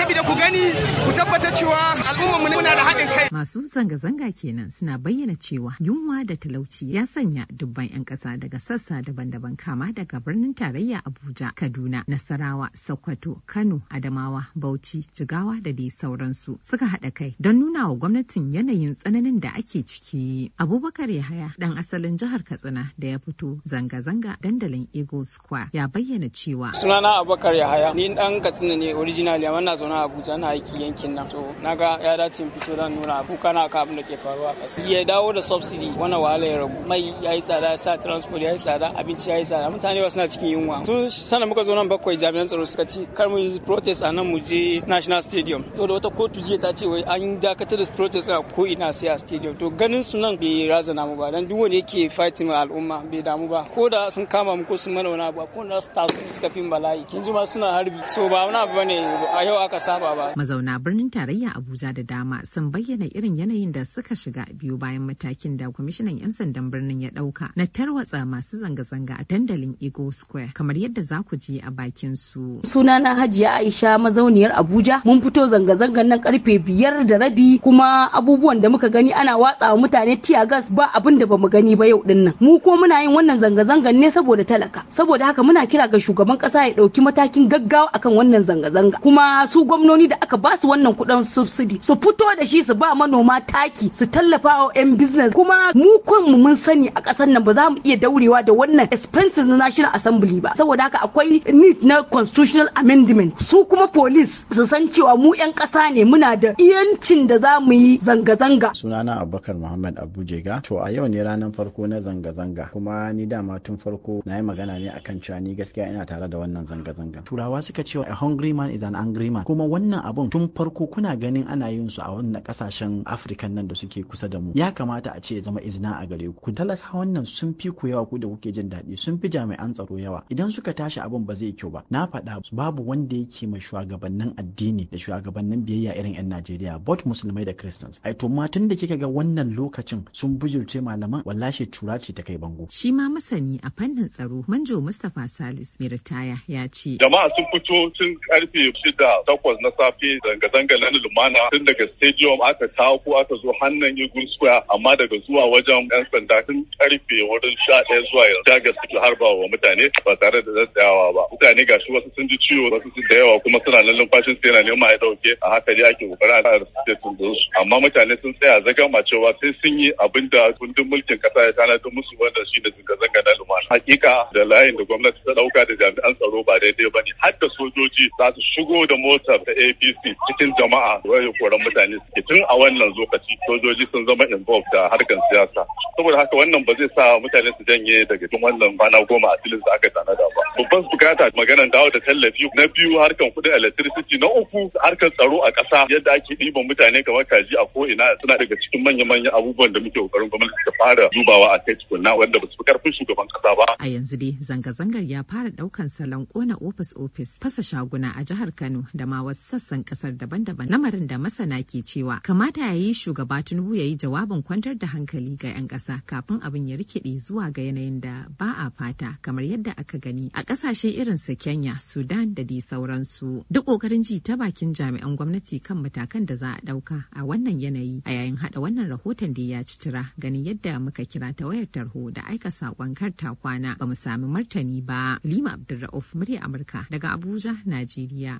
activity ku gani ku tabbata cewa al'ummar mu muna da haɗin kai. Masu zanga-zanga kenan suna bayyana cewa yunwa da talauci ya sanya dubban 'yan ƙasa daga sassa daban-daban kama daga birnin tarayya Abuja, Kaduna, Nasarawa, Sokoto, Kano, Adamawa, Bauchi, Jigawa da dai sauransu suka haɗa kai don nuna wa gwamnatin yanayin tsananin da ake ciki. Abubakar Yahaya ɗan asalin jihar Katsina da ya fito zanga-zanga dandalin Eagle Square ya bayyana cewa. Sunana Abubakar Yahaya ni ɗan Katsina ne originally amma na zaune a abuja na aiki yankin nan to n'a ga ya dace fito dan nuna ko na ka abin da ke faruwa a ya dawo da subsidy wannan wahala ya rabu. mai yayi tsada yasa sa transport ya tsada abinci ya yi tsada mutane ba suna cikin yunwa tun sanan muka zo nan bakwai jami'an tsaro suka ci kar mu yi protest a nan mu je national stadium to da wata kotu jiya ta ce wai an dakatar da protest a ko ina sai a stadium to ganin su nan bai razana mu ba dan duk wani yake fighting ma al'umma bai damu ba ko da sun kama mu ko sun mana wani abu ko na su suka fi bala'i kin ji ma suna harbi so ba wani abu bane a yau aka saba ba. Mazauna birnin tarayya Abuja da dama sun bayyana irin yanayin da suka shiga biyu bayan matakin da kwamishinan 'yan sandan birnin ya dauka na tarwatsa masu zanga-zanga a dandalin ego Square kamar yadda za ku je a bakin su. Sunana Hajiya Aisha mazauniyar Abuja mun fito zanga-zangan nan karfe biyar da rabi kuma abubuwan da muka gani ana watsa wa mutane tiya gas ba abin da bamu gani ba yau din Mu ko muna yin wannan zanga-zangan ne saboda talaka saboda haka muna kira ga shugaban kasa ya dauki matakin gaggawa akan wannan zanga-zanga kuma su gwamnoni kamfanoni da aka ba wannan kuɗin subsidi su fito da shi su ba manoma taki su tallafa wa 'yan business kuma mu kanmu mun sani a kasar nan ba za mu iya daurewa da wannan expenses na national assembly ba saboda haka akwai need na constitutional amendment su kuma police su san cewa mu 'yan kasa ne muna da iyancin da za mu yi zanga-zanga sunana abubakar muhammad abujega to a yau ne ranar farko na zanga-zanga kuma ni dama tun farko na yi magana ne akan cewa ni gaskiya ina tare da wannan zanga-zanga turawa suka cewa a hungry man is an angry man kuma wannan abun tun farko kuna ganin ana yin su a wannan kasashen afirka nan da suke kusa da mu ya kamata a ce ya zama izina a gare ku talaka wannan sun fi ku yawa ku da kuke jin daɗi sun fi jami'an tsaro yawa idan suka tashi abun ba zai kyau ba na faɗa babu wanda yake ma shugabannin addini da shugabannin biyayya irin 'yan najeriya both musulmai da christians ai to ma tun da kika ga wannan lokacin sun bujurce malaman wallahi tura ce ta kai bango shi ma masani a fannin tsaro manjo mustapha salis mai ritaya ya ce jama'a sun fito tun karfe shida takwas na na safe zanga-zanga na lumana tun daga stadium aka ko aka zo hannun igun square amma daga zuwa wajen yan sanda tun karfe wurin sha ɗaya zuwa yanzu daga suke harba wa mutane ba tare da zazzayawa ba mutane gashi wasu sun ji ciwo wasu sun da yawa kuma suna nan lumfashin su yana neman a dauke a haka dai ake kokarin a da sun amma mutane sun tsaya ma cewa sai sun yi abin da kundin mulkin kasa ya tanadar musu wanda shi da zanga-zanga na lumana hakika da layin da gwamnati ta dauka da jami'an tsaro ba daidai ba ne har da sojoji za su shigo da motar da apc cikin jama'a wani koran mutane suke tun a wannan lokaci sojoji sun zama involved da harkar siyasa saboda haka wannan ba zai sa mutane su janye daga cikin wannan kwana goma a filin da aka da ba babban bukata maganar dawo da tallafi na biyu harkar kudin electricity na uku harkar tsaro a ƙasa yadda ake ɗiban mutane kamar kaji a ko ina suna daga cikin manya-manyan abubuwan da muke kokarin gwamnati ta fara dubawa a kai tukunna wanda ba su fi karfin shugaban ƙasa ba a yanzu dai zanga-zangar ya fara ɗaukan salon kona ofis-ofis fasa shaguna a jihar Kano da ma wasu sassan kasar daban-daban lamarin da masana ke cewa kamata ya yi shugaba Tinubu ya yi jawabin kwantar da hankali ga 'yan ƙasa kafin abin ya rikide zuwa ga yanayin da ba a fata kamar yadda aka gani a ƙasashe irin su Kenya, Sudan da dai sauransu. Duk ƙoƙarin ji ta bakin jami'an gwamnati kan matakan da za a ɗauka a wannan yanayi a yayin haɗa wannan rahoton da ya ci tira ganin yadda muka kira ta wayar tarho da aika saƙon karta kwana ba mu sami martani ba. Lima Abdulra'uf murya Amurka daga Abuja, Najeriya.